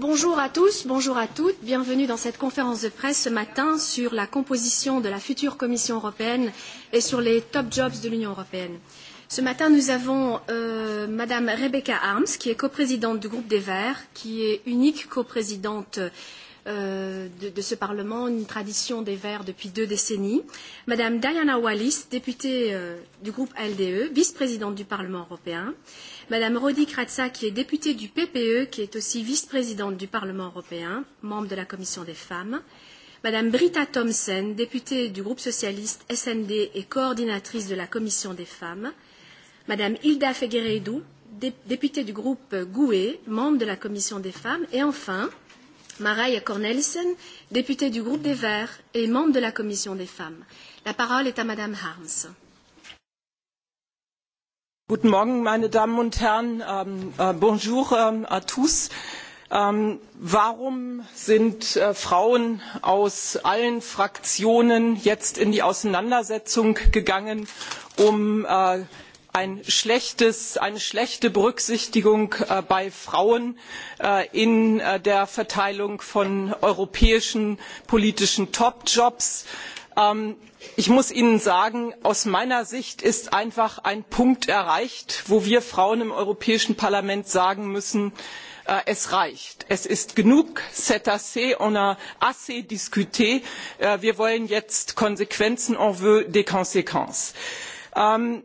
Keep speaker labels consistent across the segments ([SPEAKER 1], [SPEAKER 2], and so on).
[SPEAKER 1] Bonjour à tous, bonjour à toutes, bienvenue dans cette conférence de presse ce matin sur la composition de la future Commission européenne et sur les top jobs de l'Union européenne. Ce matin, nous avons euh, Madame Rebecca Arms, qui est coprésidente du groupe des Verts, qui est unique coprésidente euh, de, de ce Parlement, une tradition des Verts depuis deux décennies. Madame Diana Wallis, députée euh, du groupe LDE, vice-présidente du Parlement européen. Euh, Madame Rodi Kratza, qui est députée du PPE, qui est aussi vice-présidente du Parlement européen, membre de la Commission des femmes, Madame Britta Thomsen, députée du groupe socialiste SND et coordinatrice de la Commission des femmes, Madame Hilda Fegueredou, dé députée du groupe GUE, membre de la Commission des femmes, et enfin, Maraïa Cornelissen, députée du groupe des Verts et membre de la Commission des femmes. La parole est à Madame Harms.
[SPEAKER 2] Guten Morgen, meine Damen und Herren. Ähm, äh, bonjour ähm, à tous. Ähm, warum sind äh, Frauen aus allen Fraktionen jetzt in die Auseinandersetzung gegangen, um äh, ein eine schlechte Berücksichtigung äh, bei Frauen äh, in äh, der Verteilung von europäischen politischen Topjobs Ähm, ich muss Ihnen sagen, aus meiner Sicht ist einfach ein Punkt erreicht, wo wir Frauen im Europäischen Parlament sagen müssen, äh, es reicht. Es ist genug, c'est assez, on a assez discuté. Äh, wir wollen jetzt Konsequenzen, on veut des conséquences ähm,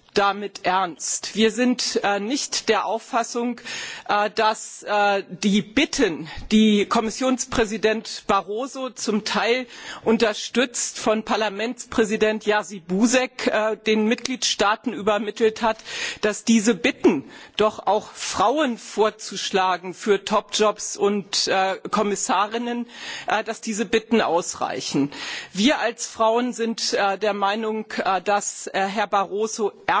[SPEAKER 2] damit ernst. Wir sind äh, nicht der Auffassung, äh, dass äh, die Bitten, die Kommissionspräsident Barroso zum Teil unterstützt von Parlamentspräsident Jerzy Buzek äh, den Mitgliedstaaten übermittelt hat, dass diese Bitten doch auch Frauen vorzuschlagen für Topjobs und äh, Kommissarinnen, äh, dass diese Bitten ausreichen. Wir als Frauen sind der Meinung, dass Herr Barroso ernst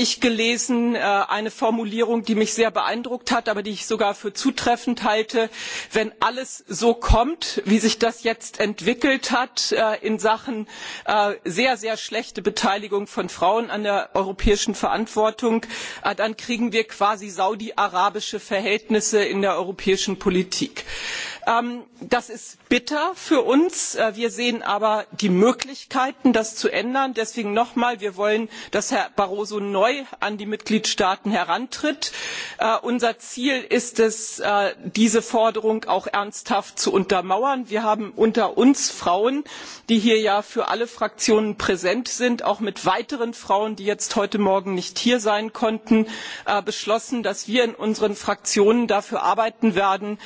[SPEAKER 2] ich gelesen äh, eine Formulierung, die mich sehr beeindruckt hat, aber die ich sogar für zutreffend halte. Wenn alles so kommt, wie sich das jetzt entwickelt hat äh, in Sachen äh, sehr, sehr schlechte Beteiligung von Frauen an der europäischen Verantwortung, dann kriegen wir quasi saudi-arabische Verhältnisse in der europäischen Politik. Ähm, das ist bitter für uns. Äh, wir sehen aber die möglichkeiten das zu ändern. deswegen nochmal wir wollen dass herr barroso neu an die mitgliedstaaten herantritt. Äh, unser ziel ist es äh, diese forderung auch ernsthaft zu untermauern. wir haben unter uns frauen die hier ja für alle fraktionen präsent sind auch mit weiteren frauen die jetzt heute morgen nicht hier sein konnten beschlossen dass wir in unseren fraktionen dafür arbeiten werden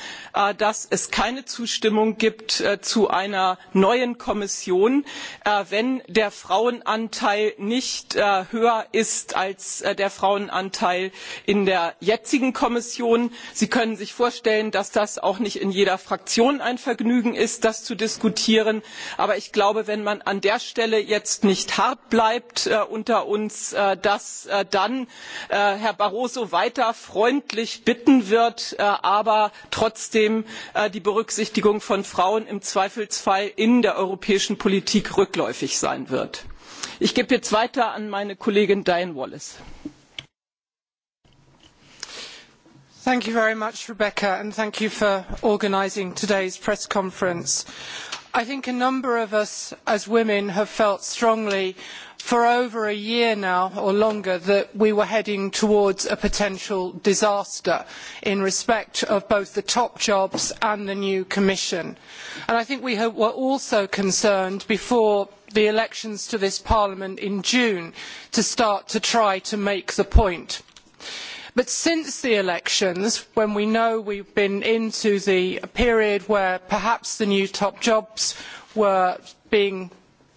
[SPEAKER 2] dass keine Zustimmung gibt äh, zu einer neuen Kommission, äh, wenn der Frauenanteil nicht äh, höher ist als äh, der Frauenanteil in der jetzigen Kommission. Sie können sich vorstellen, dass das auch nicht in jeder Fraktion ein Vergnügen ist, das zu diskutieren. Aber ich glaube, wenn man an der Stelle jetzt nicht hart bleibt äh, unter uns, äh, dass dann Herr Barroso weiter freundlich bitten wird, aber trotzdem die Berücksichtigung von Frauen im Zweifelsfall in der europäischen Politik rückläufig sein wird. Ich gebe jetzt weiter an meine Kollegin Diane Wallace.
[SPEAKER 3] Thank you very much, Rebecca, and thank you for today's press conference. I think a number of us as women have felt strongly for over a year now or longer that we were heading towards a potential disaster in respect of both the top jobs and the new commission. And I think we were also concerned before the elections to this parliament in June to start to try to make the point. But since the elections, when we know we have been into the period where perhaps the new top jobs were being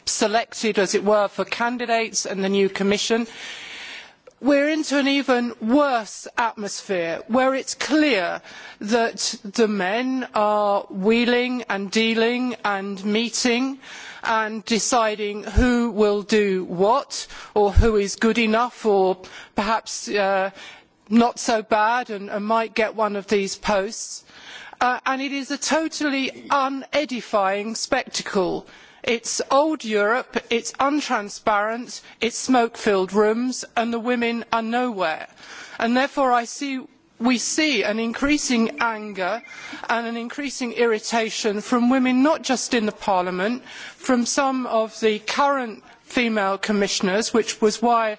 [SPEAKER 3] selected, as it were, for candidates and the new Commission, we are into an even worse atmosphere where it is clear that the men are wheeling and dealing and meeting and deciding who will do what or who is good enough or perhaps uh, not so bad and, and, might get one of these posts. Uh, and it is a totally unedifying spectacle It is old Europe, it is untransparent, it is smoke-filled rooms, and the women are nowhere. And therefore see, we see an increasing anger and an increasing irritation from women, not just in Parliament, from some of the current female commissioners, which was why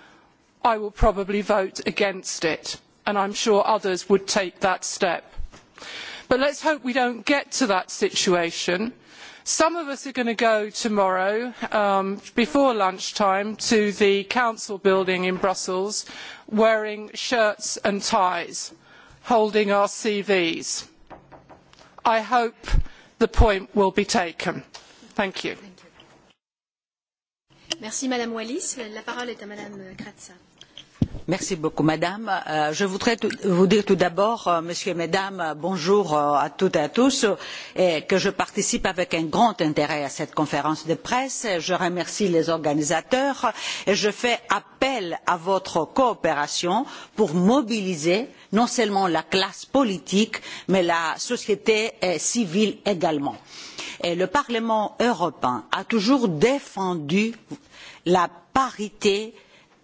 [SPEAKER 3] I will probably vote against it, and I am sure others would take that step. But let us hope we do not get to that situation. Some of us are going to go tomorrow, um, before lunchtime, to the council building in Brussels, wearing shirts and ties, holding our CVs. I hope the point will be taken. Thank you.
[SPEAKER 1] Merci Madame Wallis. La parole est à Madame Kratza.
[SPEAKER 4] Merci beaucoup, Madame. Euh, je voudrais vous dire tout d'abord, euh, Monsieur et Mesdames, euh, bonjour euh, à toutes et à tous, et que je participe avec un grand intérêt à cette conférence de presse. Je remercie les organisateurs et je fais appel à votre coopération pour mobiliser non seulement la classe politique, mais la société euh, civile également. Et le Parlement européen a toujours défendu la parité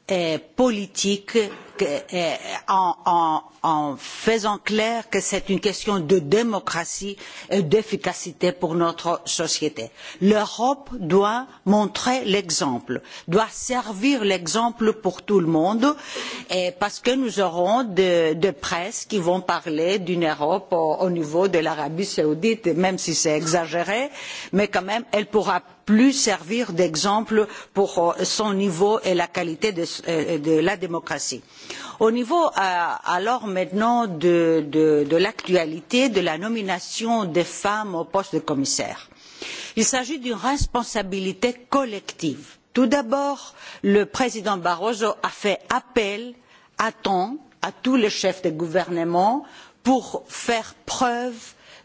[SPEAKER 4] Euh, politique euh, en, en, en faisant clair que c'est une question de démocratie et d'efficacité pour notre société. L'Europe doit montrer l'exemple, doit servir l'exemple pour tout le monde, parce que nous aurons des de presses qui vont parler d'une Europe au, au niveau de l'Arabie saoudite, même si c'est exagéré, mais quand même, elle pourra plus servir d'exemple pour euh, son niveau et la qualité de, euh, de la démocratie. Au niveau euh, alors maintenant de, de, de l'actualité de la nomination des femmes au poste de commissaire, il s'agit d'une responsabilité collective. Tout d'abord, le président Barroso a fait appel à temps à tous les chefs de gouvernement pour faire preuve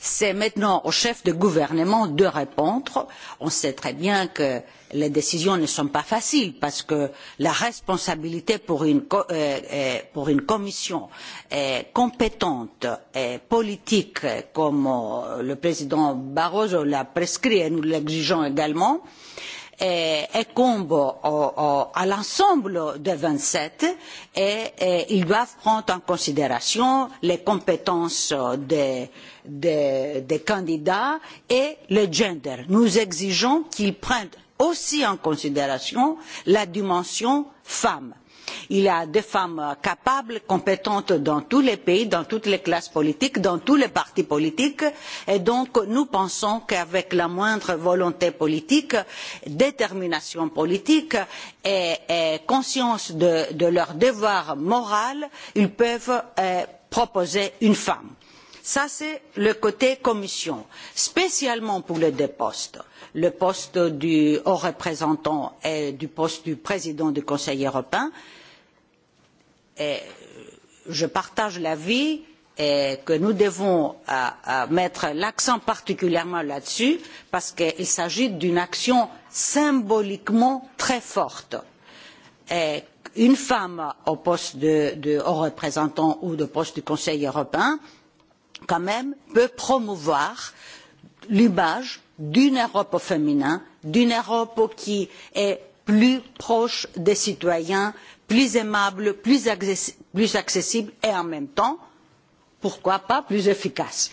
[SPEAKER 4] C'est maintenant au chef de gouvernement de répondre. On sait très bien que les décisions ne sont pas faciles parce que la responsabilité pour une, euh, euh, pour une commission compétente et politique euh, comme le président Barroso l'a prescrit et nous l'exigeons également, euh, incombe eh, au, combo à l'ensemble des vingt sept et, et eh, ils doivent prendre en considération les compétences des, de, des candidats et le gender. Nous exigeons qu'ils prennent aussi en considération la dimension femme Il y a des femmes capables, compétentes dans tous les pays, dans toutes les classes politiques, dans tous les partis politiques. Et donc, nous pensons qu'avec la moindre volonté politique, détermination politique et, et conscience de, de leur devoir moral, ils peuvent euh, proposer une femme. Ça, c'est le côté commission, spécialement pour les deux postes, le poste du haut représentant et du poste du président du Conseil européen je partage l'avis que nous devons euh, euh, mettre l'accent particulièrement là-dessus parce qu'il s'agit d'une action symboliquement très forte. Et une femme au poste de, de haut représentant ou de poste du Conseil européen, quand même, peut promouvoir l'image d'une Europe féminin, d'une Europe qui est plus proche des citoyens, plus aimable, plus, plus accessible et en même temps, pourquoi pas, plus efficace.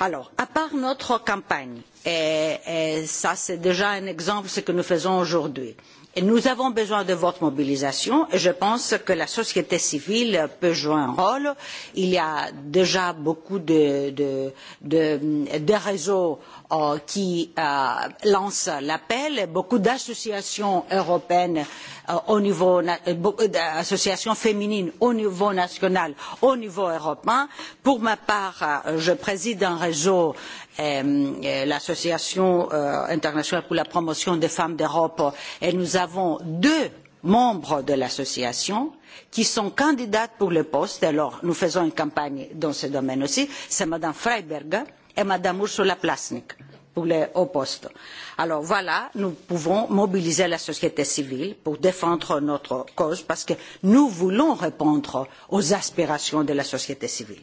[SPEAKER 4] Alors, à part notre campagne, et, et ça c'est déjà un exemple de ce que nous faisons aujourd'hui, euh, Nous avons besoin de votre mobilisation et je pense que la société civile peut jouer un rôle. Il y a déjà beaucoup de, de, de, de réseaux euh, qui euh, lancent l'appel, beaucoup d'associations européennes euh, au niveau, euh, euh, d'associations féminines au niveau national, au niveau européen. Pour ma part, euh, je préside un réseau Euh, euh, l'Association euh, internationale pour la promotion des femmes d'Europe et nous avons deux membres de l'association qui sont candidates pour le poste. Alors, nous faisons une campagne dans ce domaine aussi. C'est Madame Freiberger et Madame Ursula Plasnik pour les hauts postes. Alors voilà, nous pouvons mobiliser la société civile pour défendre notre cause parce que nous voulons répondre aux aspirations de la société civile.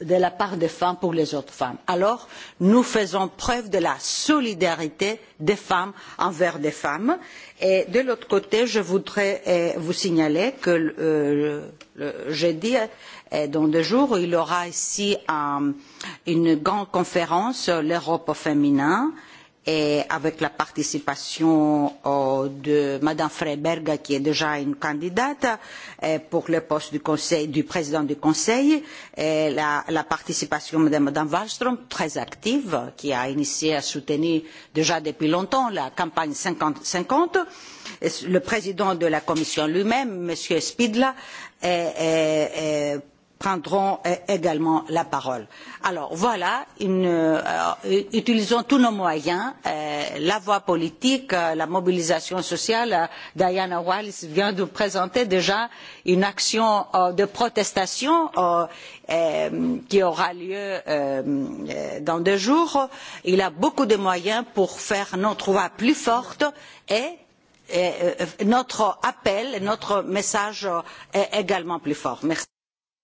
[SPEAKER 4] de la part des femmes pour les autres femmes. Alors, nous faisons preuve de la solidarité des femmes envers les femmes. Et de l'autre côté, je voudrais eh, vous signaler que euh, jeudi, eh, dans deux jours, il y aura ici un, une grande conférence, l'Europe féminin, euh, et avec la participation euh, de Madame Freiberg, qui est déjà une candidate euh, pour le poste du, conseil, du président du Conseil, et la, la participation de Madame Wallström, très active, qui a initié à soutenir déjà depuis longtemps la campagne 50-50, le président de la Commission lui-même, Monsieur Spidla, et, et, est prendront eh, également la parole. Alors voilà, une, euh, utilisons tous nos moyens, euh, la voie politique, euh, la mobilisation sociale. Euh, Diana Wallis vient de présenter déjà une action euh, de protestation euh, qui aura lieu dans deux jours. Il a beaucoup de moyens pour faire notre voix plus forte et notre appel, notre message également plus fort. Merci.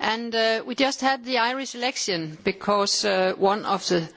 [SPEAKER 5] And uh, we just had the Irish election because uh, one of the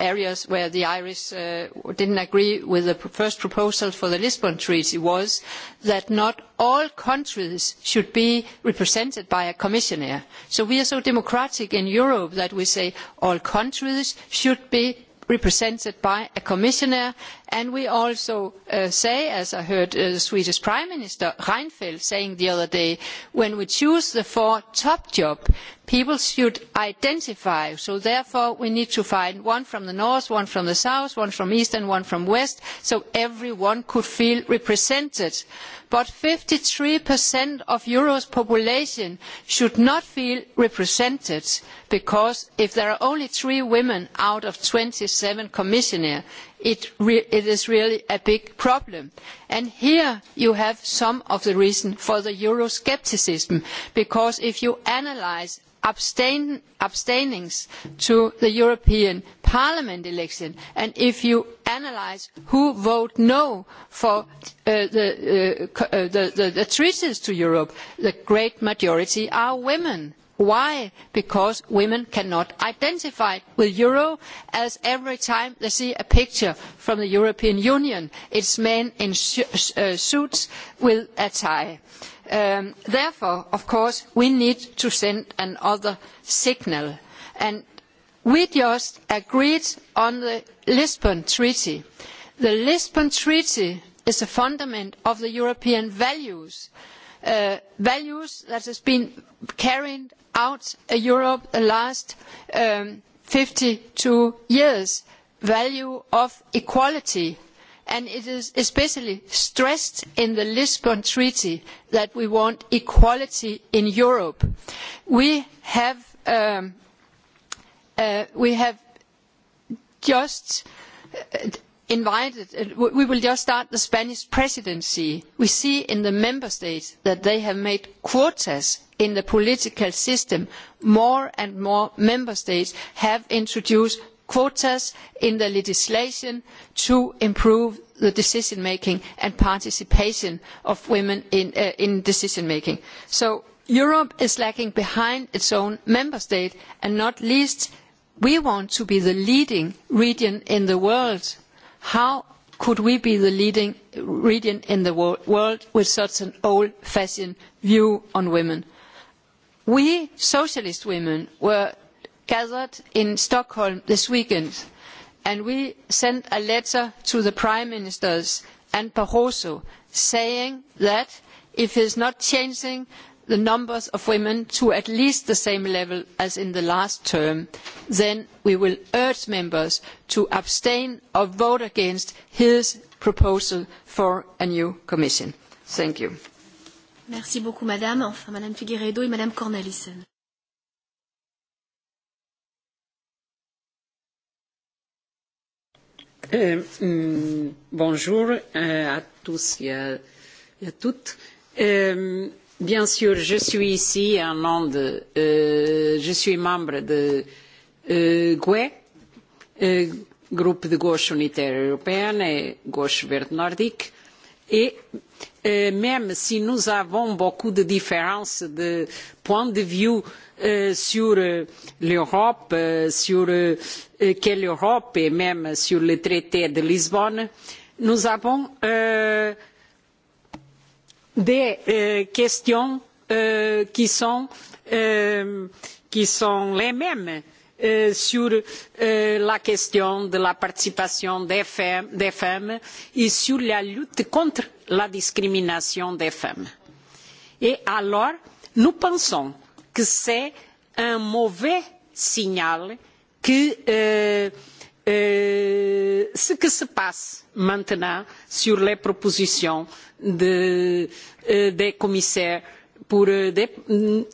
[SPEAKER 5] areas where the Irish uh, did not agree with the first proposal for the Lisbon Treaty was that not all countries should be represented by a commissioner. So we are so democratic in Europe that we say all countries should be represented by a commissioner And we also uh, say, as I heard uh, the Swedish Prime Minister Reinfeldt saying the other day, when we choose the four top jobs, people should identify. So therefore, we need to find one from the north, one from the south, one from east and one from west, so everyone could feel represented. But fifty 53% of Europe's population should not feel represented because if there are only three women out of twenty seven commissioners, It, it, is really a big problem. And here you have some of the reason for the Euroscepticism, because if you analyse abstain, abstainings to the European Parliament election, and if you analyse who voted no for uh, the, uh, uh, the, the, the treaties to Europe, the great majority are women. Why? Because women cannot identify with Euro as every time they see a picture from the European Union, it is men in uh, suits with a tie. Um, therefore, of course, we need to send another signal. And we just agreed on the Lisbon Treaty. The Lisbon Treaty is a fundament of the European values, uh, values that have been carried out Europe the last fifty um, two years, value of equality. And it is especially stressed in the Lisbon Treaty that we want equality in Europe. We have, um, uh, we have just uh, invited, uh, we will just start the Spanish presidency. We see in the member states that they have made quotas in the political system, more and more member states have introduced quotas in the legislation to improve the decision making and participation of women in, uh, in decision making. So Europe is lagging behind its own member state and not least we want to be the leading region in the world. How could we be the leading region in the world with such an old fashioned view on women? We, socialist women, were gathered in Stockholm this weekend, and we sent a letter to the Prime Ministers and Barroso saying that if he is not changing the numbers of women to at least the same level as in the last term, then we will urge members to abstain or vote against his proposal for a new commission. Thank you.
[SPEAKER 1] Merci beaucoup, madame. Enfin, madame Figueredo et madame Cornelissen.
[SPEAKER 3] Eh,
[SPEAKER 6] mm, bonjour euh, à tous et à, à toutes. Euh, bien sûr, je suis ici en nom de, euh, je suis membre de euh, GUE, euh, groupe de gauche unitaire européenne et gauche verte nordique. Et euh, même si nous avons beaucoup de différences de point de vue euh, sur euh, l'Europe, euh, sur euh, euh, quelle Europe et même sur le traité de Lisbonne, nous avons des questions qui sont, qui sont les mêmes Euh, sur euh, la question de la participation des femmes, et sur la lutte contre la discrimination des femmes. Et alors, nous pensons que c'est un mauvais signal que euh, euh, ce qui se passe maintenant sur les propositions de, euh, des commissaires pour, euh, de,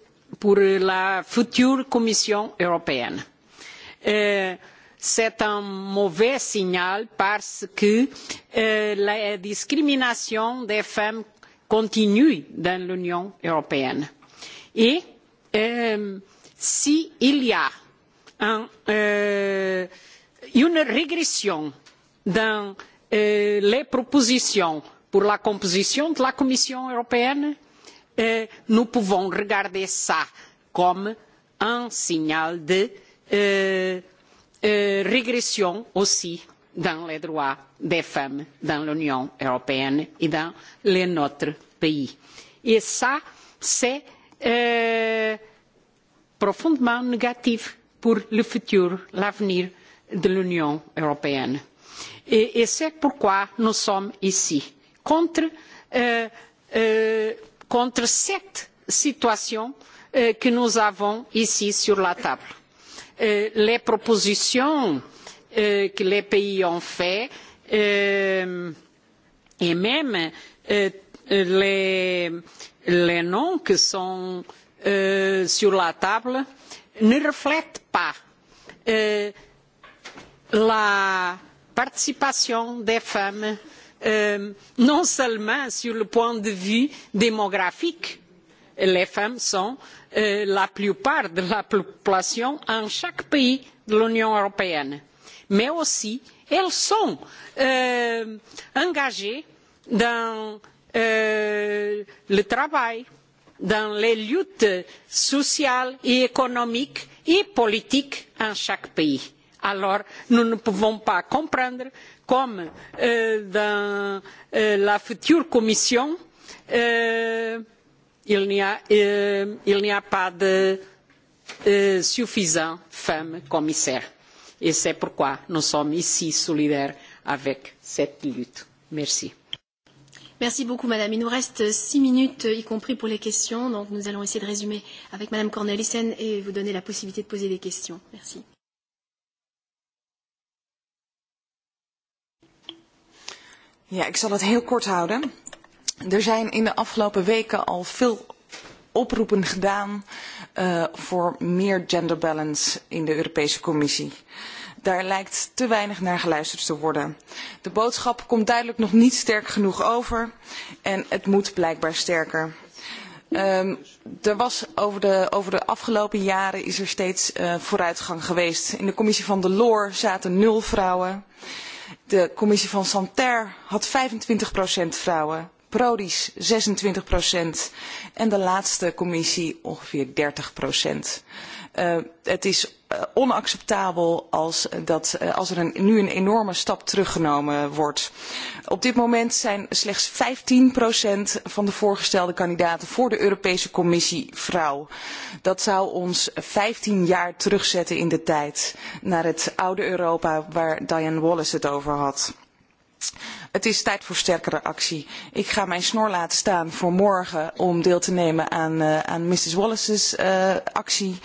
[SPEAKER 6] pour la future Commission européenne c'est eh, un mauvais signal parce que eh, la discrimination des femmes continue dans l'Union européenne. Et eh, s'il y a un, une régression dans les propositions pour la composition de la Commission européenne, nous pouvons regarder cela comme un signal de Eh, eh, régression aussi dans les droits des femmes dans l'Union européenne et dans les notre pays. Et ça, c'est euh, profondément négatif pour le futur, l'avenir de l'Union européenne. Et, et c'est pourquoi nous sommes ici, contre, euh, euh, contre cette situation euh, que nous avons ici sur la table. Euh, les propositions euh, que les pays ont faites euh, et même les, les noms qui sont euh, sur la table ne reflètent pas euh, la participation des femmes, euh, non seulement sur le point de vue démographique, les femmes sont Euh, la plupart de la population en chaque pays de l'Union européenne. Mais aussi, elles sont euh, engagées dans euh, le travail, dans les luttes sociales et économiques et politiques en chaque pays. Alors, nous ne pouvons pas comprendre comme euh, dans euh, la future commission euh, il n'y a, euh, a, pas de euh, suffisant femmes commissaires. Et c'est pourquoi nous sommes ici solidaires avec cette lutte. Merci.
[SPEAKER 1] Merci beaucoup, Madame. Il nous reste six minutes, y compris pour les questions. Donc, nous allons essayer de résumer avec Madame Cornelissen et vous donner la possibilité de poser des questions.
[SPEAKER 7] Merci. Ja, ik zal het heel kort houden. Er zijn in de afgelopen weken al veel oproepen gedaan uh, voor meer gender balance in de Europese Commissie. Daar lijkt te weinig naar geluisterd te worden. De boodschap komt duidelijk nog niet sterk genoeg over en het moet blijkbaar sterker. Um, er was over, de, over de afgelopen jaren is er steeds uh, vooruitgang geweest. In de commissie van de Loor zaten nul vrouwen. De commissie van Santerre had 25% vrouwen. ProRis 26 procent en de laatste commissie ongeveer 30 procent. Uh, het is uh, onacceptabel als, dat, uh, als er een, nu een enorme stap teruggenomen wordt. Op dit moment zijn slechts 15 procent van de voorgestelde kandidaten voor de Europese Commissie vrouw. Dat zou ons 15 jaar terugzetten in de tijd naar het oude Europa waar Diane Wallace het over had. Het is tijd voor sterkere actie. Ik ga mijn snor laten staan voor morgen om deel te nemen aan, uh, aan Mrs. Wallace's uh, actie.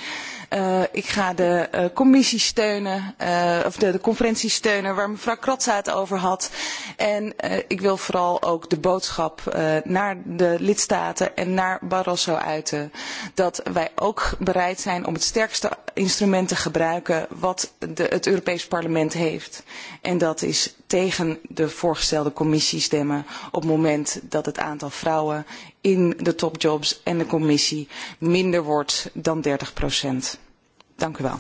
[SPEAKER 7] Uh, ik ga de uh, commissie steunen, uh, of de, de conferentie steunen waar mevrouw Kratza het over had. En uh, ik wil vooral ook de boodschap uh, naar de lidstaten en naar Barroso uiten. Dat wij ook bereid zijn om het sterkste instrument te gebruiken wat de, het Europees Parlement heeft. En dat is tegen de voorgestelde commissie stemmen op het moment dat het aantal vrouwen in de topjobs en de commissie minder wordt dan 30 procent. Dank u wel.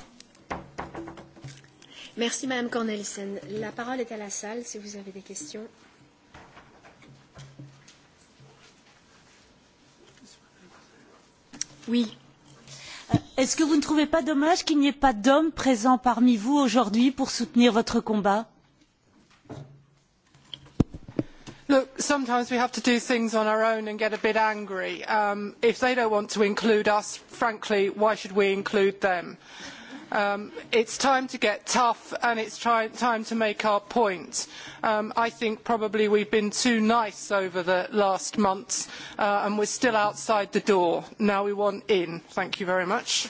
[SPEAKER 1] Merci Madame Cornelissen. La parole est à la salle si vous avez des questions.
[SPEAKER 4] Oui. Euh, est-ce que vous ne trouvez pas dommage qu'il n'y ait pas d'hommes présents parmi vous aujourd'hui pour soutenir votre combat
[SPEAKER 3] Look, sometimes we have to do things on our own and get a bit angry. Um, if they don't want to include us, frankly, why should we include them? Um, it's time to get tough and it's try time to make our point. Um, I think probably we've been too nice over the last months uh, and we're still outside the door. Now we want in. Thank you very much.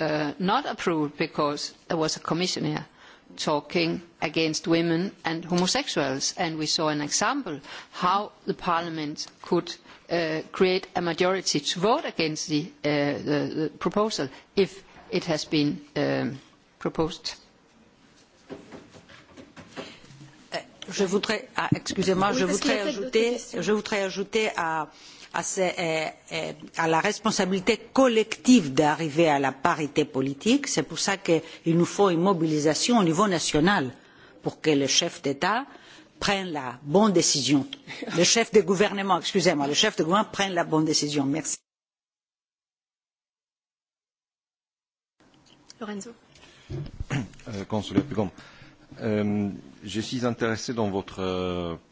[SPEAKER 5] uh, not approved because there was a commissioner talking against women and homosexuals and we saw an example how the parliament could uh, create a majority to vote against the, uh, the, the proposal if it has been um, proposed. Euh, je voudrais, ah, excusez-moi, je, voudrais ajouter, je
[SPEAKER 4] voudrais ajouter à, à, ce, euh, euh, à la responsabilité collective d'arriver à la parité politique. C'est pour ça qu'il nous faut une mobilisation au niveau national pour que le chef d'État prenne la bonne décision. Le chef de gouvernement, excusez-moi, le chef de gouvernement prenne la bonne décision. Merci.
[SPEAKER 1] Lorenzo.
[SPEAKER 2] Euh, consulé, euh, je suis intéressé dans votre euh,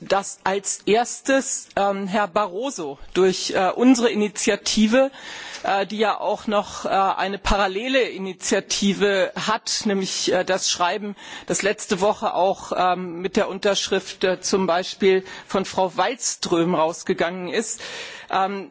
[SPEAKER 2] dass als erstes ähm, Herr Barroso durch äh, unsere Initiative, äh, die ja auch noch äh, eine parallele Initiative hat, nämlich äh, das Schreiben, das letzte Woche auch ähm, mit der Unterschrift äh, zum Beispiel von Frau Wallström rausgegangen ist, ähm,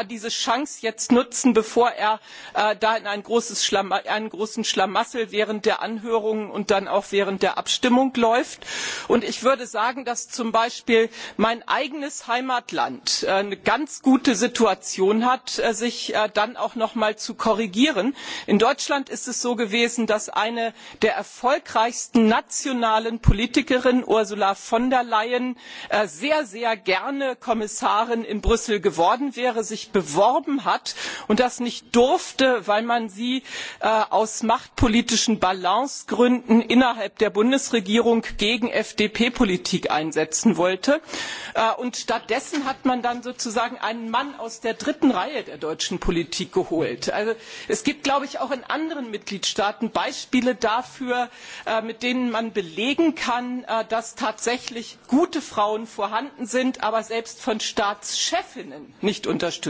[SPEAKER 2] er diese Chance jetzt nutzen, bevor er äh, da in ein einen großen Schlamassel während der Anhörungen und dann auch während der Abstimmung läuft. Und ich würde sagen, dass zum Beispiel mein eigenes Heimatland äh, eine ganz gute Situation hat, äh, sich äh, dann auch noch mal zu korrigieren. In Deutschland ist es so gewesen, dass eine der erfolgreichsten nationalen Politikerinnen, Ursula von der Leyen, äh, sehr, sehr gerne Kommissarin in Brüssel geworden wäre, sich beworben hat und das nicht durfte, weil man sie äh, aus machtpolitischen Balancegründen innerhalb der Bundesregierung gegen FDP-Politik einsetzen wollte. Äh, und stattdessen hat man dann sozusagen einen Mann aus der dritten Reihe der deutschen Politik geholt. Also es gibt, glaube ich, auch in anderen Mitgliedstaaten Beispiele dafür, äh, mit denen man belegen kann, äh, dass tatsächlich gute Frauen vorhanden sind, aber selbst von Staatschefinnen nicht unterstützt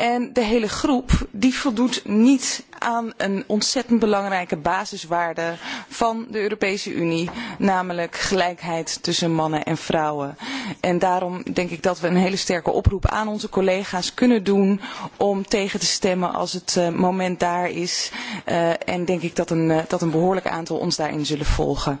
[SPEAKER 7] En de hele groep die voldoet niet aan een ontzettend belangrijke basiswaarde van de Europese Unie, namelijk gelijkheid tussen mannen en vrouwen. En daarom denk ik dat we een hele sterke oproep aan onze collega's kunnen doen om tegen te stemmen als het eh, moment daar is. Eh, en denk ik dat een, eh, dat een behoorlijk aantal ons daarin zullen volgen.